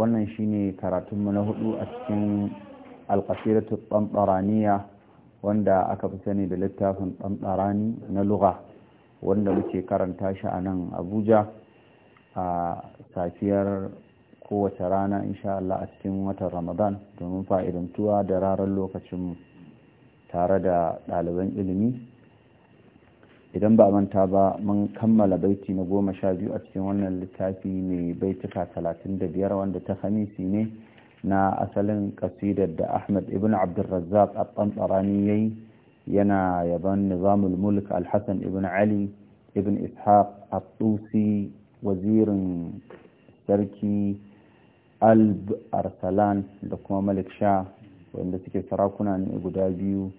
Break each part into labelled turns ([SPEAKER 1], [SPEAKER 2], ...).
[SPEAKER 1] wannan shine karatunmu na hudu a cikin alƙasiratu tsantsaraniya wanda aka fi sani da littafin tsantsarani na lugha wanda muke karanta shi a nan abuja a safiyar kowace rana insha Allah a cikin watan ramadan domin fa'idantuwa da rarar lokacinmu tare da ɗaliban ilimi idan ba manta ba mun kammala baiti na goma sha biyu a cikin wannan littafi mai baituka talatin da biyar wanda ta hamisi ne na asalin kasidar da ahmad ibn abdulrazzaq a tsantsarani ya yi yana yaban nizamul mulk alhassan ibn ali ibn ishaq a tsusi wazirin sarki alb arsalan da kuma malik sha wanda suke sarakuna ne guda biyu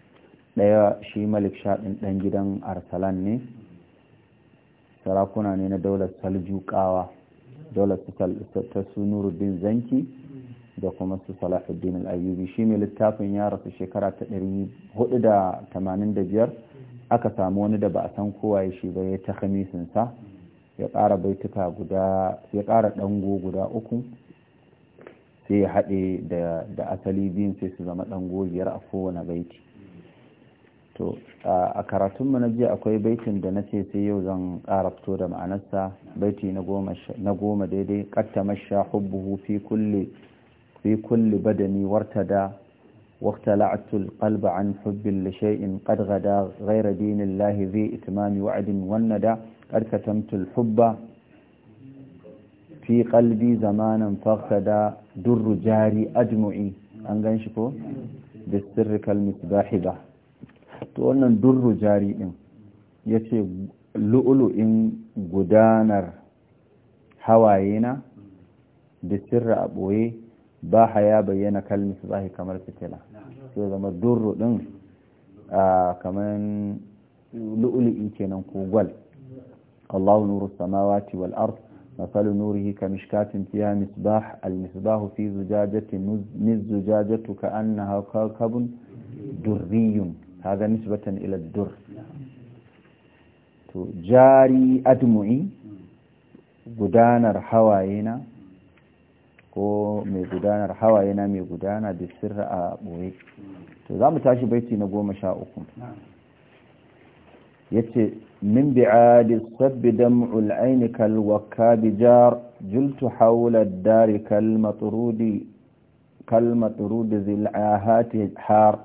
[SPEAKER 1] ɗaya shi malik shaɗin ɗan gidan arsalan ne sarakuna ne na daular saljukawa daular ta su nuruddin zanki da kuma su salahuddin al'ayyubi shi mai littafin ya rasu shekara ta 485 aka samu wani da ba a san kowa shi ba ya ta hamisinsa ya ƙara baituka guda ya ƙara ɗango guda uku sai ya haɗe da asali biyun sai su zama ɗango biyar a kowane baiti to a karatunmu na jiya akwai baitin da na ce sai yau zan karafto da ma'anarsa baiti na goma daidai kattama sha hubbuhu fi kulle badani warta da waqta la'atul qalba an hubbin la shay'in qad ghada ghayra dinin lahi zai itimami wa'adin wannan da karkatamtul hubba fi qalbi zamanan fakta da durru jari ajmu'i an gan shi ko da sirrikal ba to wannan durru jari din ya ce lu'ulu'in gudanar hawaye na da sirra a ɓoye ba haya bayyana kalmi su zahi kamar fitila sai zama durru din kamar lu'ulu'i kenan ko gwal Allahu nuru samawati wal ars مثل نوره كمشكاة فيها مصباح المصباح في زجاجة من الزجاجة كأنها كوكب دري هذا نسبة إلى الدر جاري أدمعي gudanar hawayena ko mai gudanar hawayena mai gudana da sirra a ɓoye to za mu tashi baiti na goma sha uku ya ce min bi'adi sabbi dam'ul aini kalwaka bijar jultu haular dari kalmaturudi zil'ahati har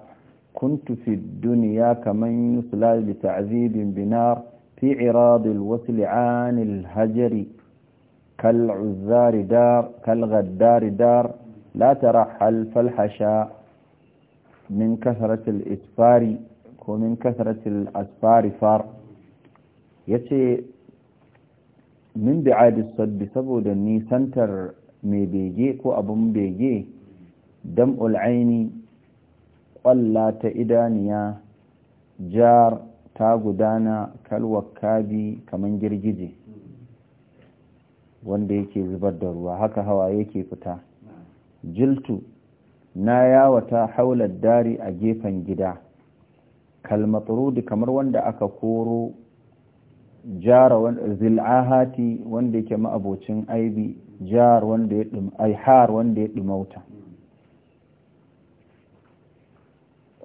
[SPEAKER 1] كنت في الدنيا كمن يصلى لتعذيب بنار في عراض الوصل عن الهجر كالعزار دار كالغدار دار لا ترحل فالحشاء من كثرة الإسفار ومن كثرة الأسفار فار يتي من بعاد الصد سبود النيسانتر مي بيجي كو أبو بيجي دمء العين ƙwalla ta idaniya jar ta gudana kalwakabi kamar girgije wanda yake zubar da ruwa haka hawa yake fita jiltu na yawata haular dari a gefen gida kalmatsurudi kamar wanda aka koro jara zil'ahati wanda yake ma'abocin aibi jar har wanda ya ɗumauta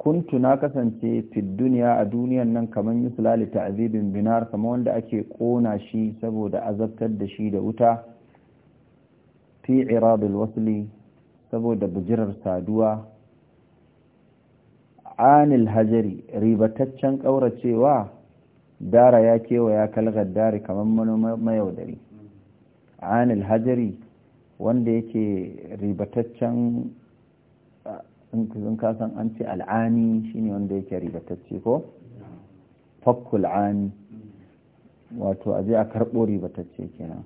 [SPEAKER 1] kuntu na kasance fi duniya a duniyan nan kamar yusulali ta'azibin binar kama wanda ake kona shi saboda azabtar da shi da wuta fi irabil wasli saboda bujirar saduwa anil hajari ribataccen ƙauracewa dara ya kewa kewaya kalgar dari kamar mayaudari anil hajari wanda yake ribataccen in ka san an ce al'ani shine wanda yake ribatacce ko fakkul ani wato aje a karɓo ribatacce kenan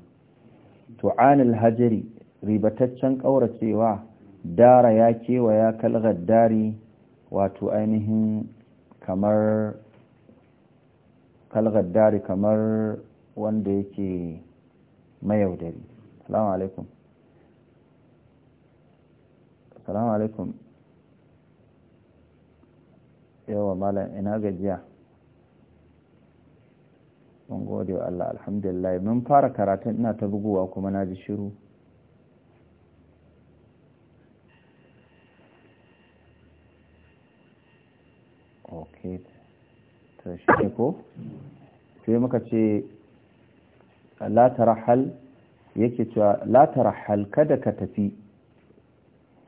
[SPEAKER 1] to anil hajari ribataccen ƙauracewa dara ya kewa ya kalgar dari wato ainihin kamar kalgar dari kamar wanda yake mayaudari salamu alaikum salamu alaikum yawa malam ina gajiya mun gode wa Allah alhamdulillah mun fara karatun ina ta buguwa kuma na ji shiru ok ta shi ko sai muka ce la tarahal yake cewa la tarahal kada ka tafi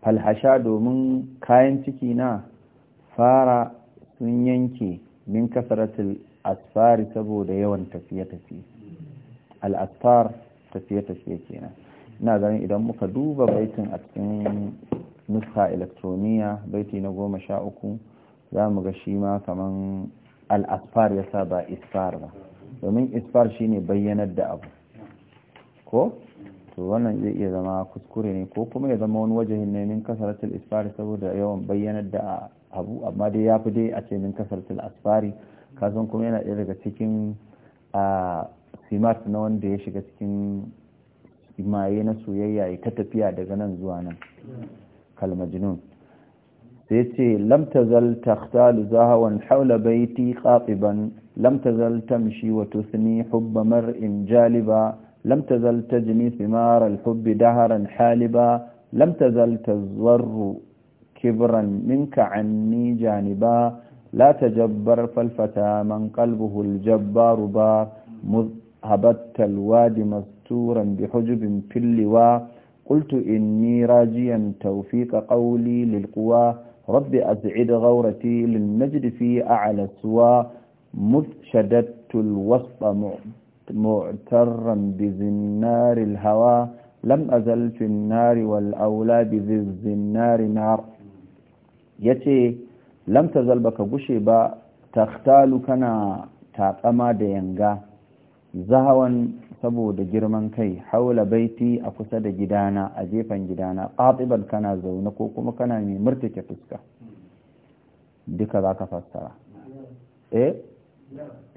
[SPEAKER 1] falhasha domin kayan ciki na fara sun yanke min kasaratul asfari saboda yawan tafiye-tafiye al'asfar tafiye-tafiye kenan ina ganin idan muka duba baitin a cikin nuska elektroniya baiti na goma sha uku za mu ga shi ma kaman al'asfar ya sa ba isfar ba domin isfar shine bayyanar da abu ko to wannan zai iya zama kuskure ne ko kuma ya zama wani wajahin ne min kasaratul isfari saboda yawan bayyanar da abu amma dai ya fi dai a ce min kasaratul asfari kasan kuma yana ɗaya daga cikin a simat na wanda ya shiga cikin maye na soyayya ya ta tafiya daga nan zuwa nan kalmajinun sai ce lamtazal takhtalu zahawan haula baiti qatiban lamtazal tamshi wa tusni hubba mar'in jaliba لم تزل تجني ثمار الحب دهرا حالبا لم تزل تزور كبرا منك عني جانبا لا تجبر فالفتى من قلبه الجبار بار مذ الوادي مستورا بحجب في اللواء قلت إني راجيا توفيق قولي للقوى رب أسعد غورتي للمجد في أعلى سوى مذ شددت الوسط معترا بزنار الهوى لم أزل في النار والأولى بذي الزنار نار يتي لم تزل بك قشبا تختال كنا تاقما دينغا زهوا saboda girman kai haula baiti a kusa da gidana a gefen gidana ƙatsiban kana zaune ko kuma kana mai murtake fuska duka za ka fassara eh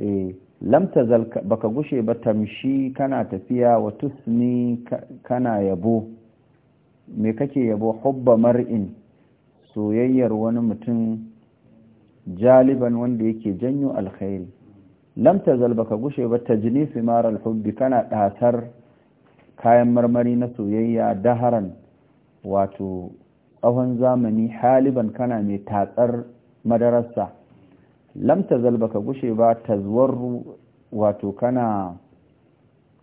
[SPEAKER 1] eh lamta zalka baka gushe ba tamshi kana tafiya wa tusni kana yabo me kake yabo hubba mar'in soyayyar wani mutum jaliban wanda yake janyo alkhairi lam tazal baka gushe ba tajni simar hubbi kana datar kayan marmari na soyayya daharan wato tsawon zamani haliban kana mai tatsar madarasa. lam zalba baka gushe ba ta tazwarru wato kana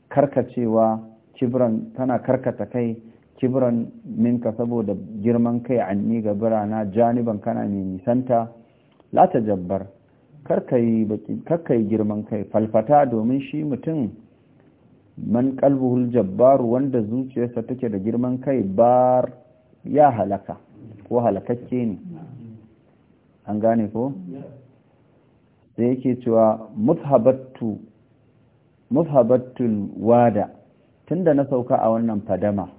[SPEAKER 1] karkacewa kibran tana karkata kai kibran minka saboda girman kai anni ga birana janiban kana mai nisanta la ta jabbar karkai girman kai falfata domin shi mutum man kalbuhul jabbar wanda zuciyarsa take da girman kai bar ya halaka ko halakakke ne an gane ko? da yake cewa mushabattu wada tunda na sauka a wannan fadama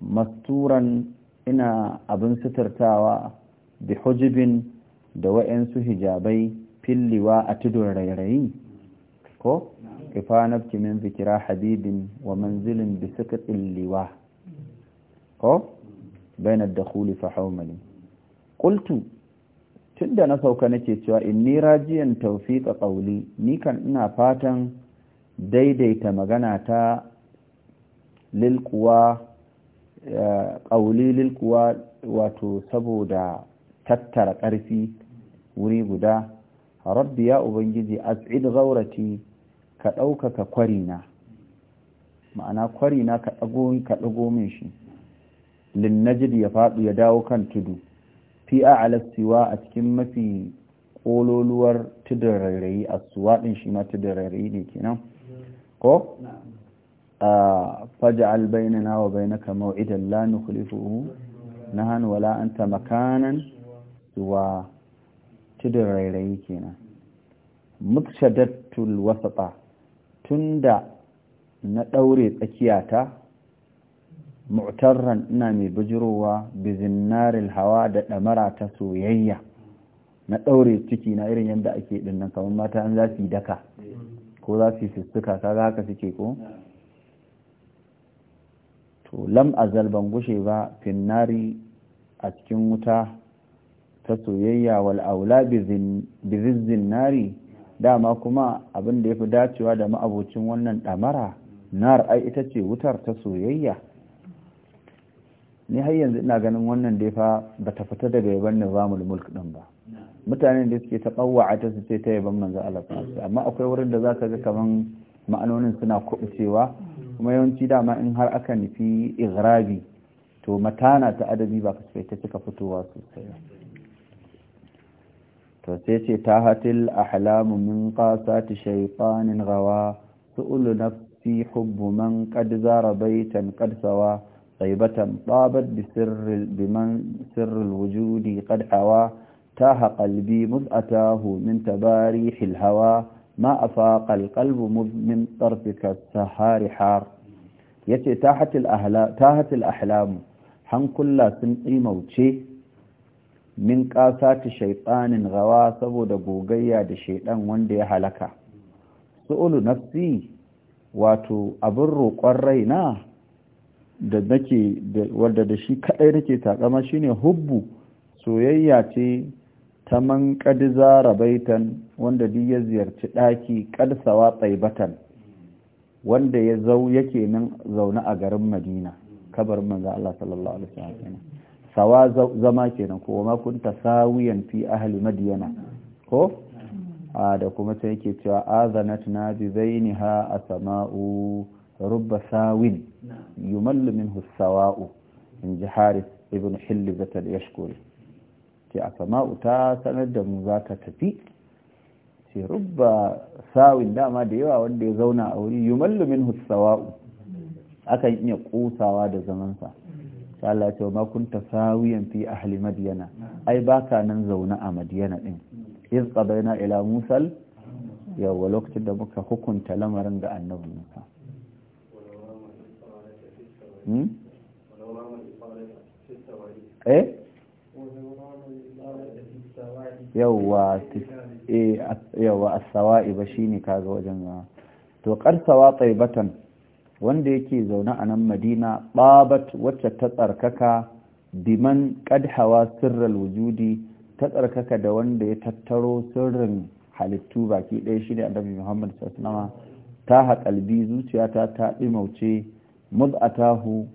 [SPEAKER 1] masturan ina abin suturtawa bi hujibin da wa'yansu hijabai filliwa a tudun rairayi ko ifanabki min zikira habibin wa manzilin bi suka tsilliwa ko bainar da huli fa ƙultu tunda na sauka nake cewa inni rajiyan tawfiqa qawli ni kan ina fatan daidaita magana ta lil quwa eh, qawli lil wato saboda tattara ƙarfi wuri guda rabbi ya ubangiji as'id ghaurati ka ɗaukaka kwarina ma'ana kwarina ka ɗago min shi linnajid ya faɗu ya dawo kan tudu fi a a cikin mafi kololuwar tudun a suwa din shi ma ne kenan ko albaina na wa bainaka idan la na hannu wala la'anta makanan suwa tudun rairayi kenan mukshadatul wasata tunda na ɗaure tsakiyata mu'tarran ina mai bijirowa bizinaril hawa da ɗamara ta soyayya na ɗaure ciki na irin yadda ake ɗinnan kamar mata an za su yi daka ko za su yi fistuka kaga haka suke ko to lam azal ban gushe ba finnari a cikin wuta ta soyayya wal aula bizizzin dama kuma abin da ya fi dacewa da ma'abocin wannan ɗamara nar ai ita ce wutar ta soyayya ni har yanzu ina ganin wannan dai fa ba ta fita daga yaban nizamul mulk din ba mutanen da suke ta kawwa'a ta su ce ta yaban manzo Allah amma akwai wurin da zaka ga kaman ma'anonin suna kubucewa kuma yawanci dama in har aka nufi igrabi to matana ta adabi ba ka ta cika fitowa sosai to sai ce ta hatil ahlamu min qasati shaytanin gawa su'ulu nafsi hubbu man qad zara baytan qad sawa طيبة طابت بسر بمن سر الوجود قد حوى تاه قلبي مذ أتاه من تباريح الهوى ما أفاق القلب مذ من طرفك السحار حار يتي تاهت الأهلا تاهت الأحلام حن كل سنقي موتشي من قاسات شيطان غوا gawa saboda gogayya da وندي wanda سؤل نفسي واتو nafsi قرينا da nake wadda da shi kadai nake takama shine hubbu soyayya ce ta man qad zara baitan wanda duk ya ziyarci daki kad sawa taibatan wanda ya zau yake nan zaune a garin Madina kabarin manzo Allah sallallahu alaihi wasallam sawa zama kenan ko ma kunta sawiyan fi ahli madyana ko mm. da kuma sai yake cewa azanat na bi zainiha a rubba sawin yumallu minhu sawa'u in ji harith ibn hillizata da yashkuri ce a sama'u ta sanar da mu za ta tafi ce rubba sawin dama da yawa wanda ya zauna a wuri yumallu minhu sawa'u akan iya ƙusawa da zamansa ta Allah ce ma kunta sawiyan fi ahli madyana ai baka nan zaune a Madiyana din iz qadaina ila musal yawa lokacin da muka hukunta lamarin ga annabi
[SPEAKER 2] Hmm? eh yawwa eh,
[SPEAKER 1] a yawwa as shi ba shine kaga wajen ah. to qarsawa taibatan wanda yake zaune a nan Madina ɓabat wacce ta tsarkaka biman qad hawa sirral wujudi ta tsarkaka da wanda ya tattaro sirrin halittu baki ɗaya shine annabi Muhammad sallallahu alaihi wasallam ta haƙalbi zuciyata ta ɗimauce mud'atahu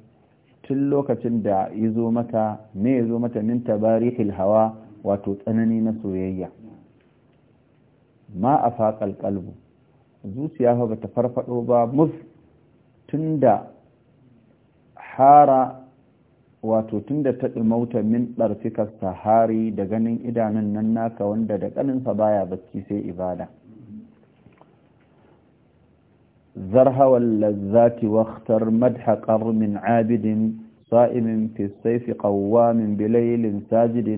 [SPEAKER 1] tun lokacin da ya zo mata ne ya zo mata min tabarihil hawa wato tsanani na soyayya ma a faƙal ƙalbu zuciya ba ta farfaɗo ba mus tun da hara wato tun da ta ɗumauta min ɗarfikar sahari da ganin idanun nan naka wanda da ƙaninsa baya bacci sai ibada ذرها واللذات واختر مدح قر من عابد صائم في السيف قوام بليل ساجد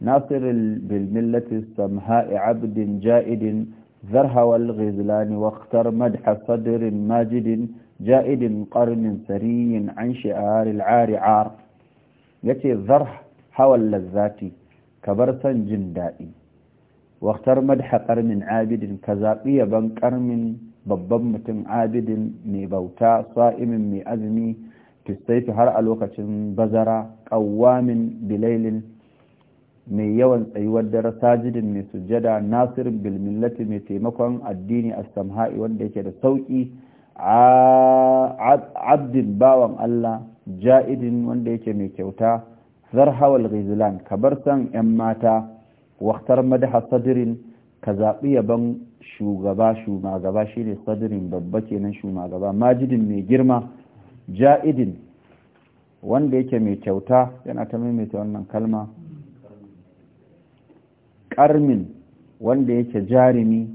[SPEAKER 1] ناصر بالملة السمهاء عبد جائد ذرها والغزلان واختر مدح صدر ماجد جائد قرن سري عن شعار العار عار يتي ذره هوى اللذات كبرسا جندائي واختر مدح قرن عابد كزاقية بن قرن babban mutum abidin mai bauta sa'imin mai azumi fistaitu har a lokacin bazara ƙawamin bilailin mai yawan tsayuwar dare sajidin mai sujjada nasirin bilmillati mai taimakon addini as-samha'i wanda yake da sauƙi abdin bawan allah ja'idin wanda yake mai kyauta zarhawal ghizlan kabar san 'yan mata waktar madaha sadirin ka zaɓi yaban shugaba shumagaba shi ne sadirin babba kenan shumagaba majidin mai girma ja'idin wanda yake mai kyauta yana ta maimaita wannan kalma ƙarmin wanda yake jarumi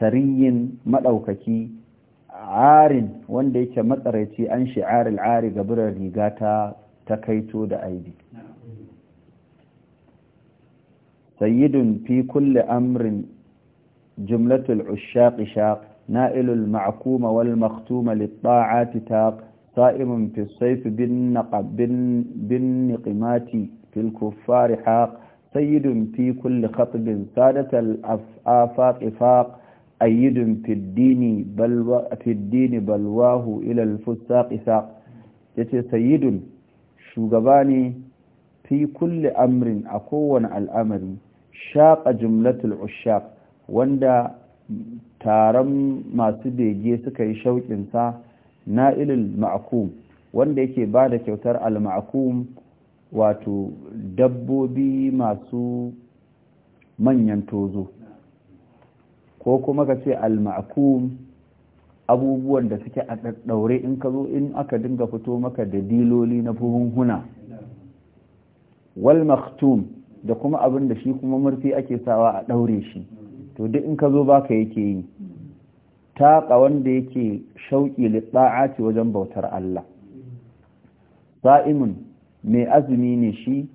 [SPEAKER 1] sariyin maɗaukaki arin wanda yake matsaraici an shi'aril ga birar riga ta kaito da aibi sayyidun fi kulle amrin جملة العشاق شاق نائل المعكوم والمختوم للطاعات تاق صائم في الصيف بالنقب بالنقمات في الكفار حاق سيد في كل خطب سادة الآفاق فاق أيد في الدين بل في الدين بلواه إلى الفساق ساق يتي سيد شوغباني في كل أمر amrin الأمر شاق جملة العشاق wanda taron masu bege suka yi shauƙinsa ilil ma'akum wanda yake ba da kyautar al wato dabbobi masu manyan tozo ko kuma ka ce al abubuwan da suke a ɗaɗɗaure in ka zo in aka dinga fito maka da diloli na buhunhuna wal maktum da kuma abin da shi kuma murfi ake sawa a ɗaure shi to duk in ka zo baka yake yi taƙa wanda yake shauƙi litta'aci wajen bautar Allah sa'imun mai azumi ne shi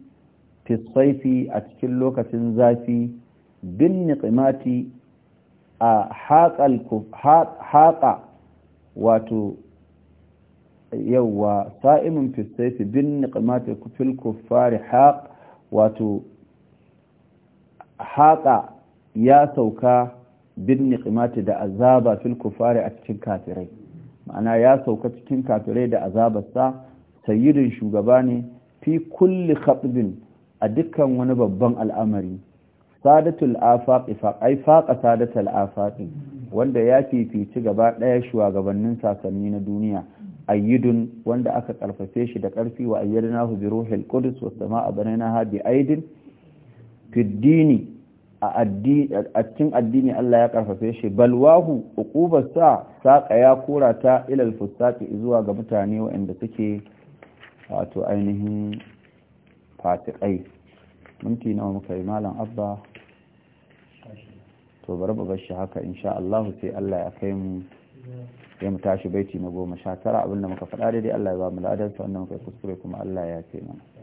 [SPEAKER 1] fisaifi a cikin lokacin zafi bin niƙimati a haƙa wato yauwa sa'imun fisaifi bin niƙimati fil kuffari haƙ wato haƙa ya sauka bin niqimati da azaba fil kufari a cikin kafirai ma'ana ya sauka cikin kafirai da azabarsa sayyidin shugaba ne fi kulli khatbin a dukkan wani babban al'amari sadatul afaqi ai faqa sadatul afaqi wanda ya fifici gaba daya shugabannin sasanni na duniya ayyidun wanda aka karfafe shi da karfi wa ayyadnahu bi ruhil qudus wa samaa banaynaha bi aidin fi dini a cikin addini Allah ya karfafe shi balwahu sa saqa ya ta ilal fusati zuwa ga mutane waɗanda suke wato ainihin fatiqai minti nawa muka yi malam abba to bari mu bar shi haka insha Allah sai Allah ya kai mu ya mu tashi baiti na goma sha tara abinda muka faɗa daidai Allah ya ba mu ladan sa wanda muka kuskure kuma Allah ya taimaka. mana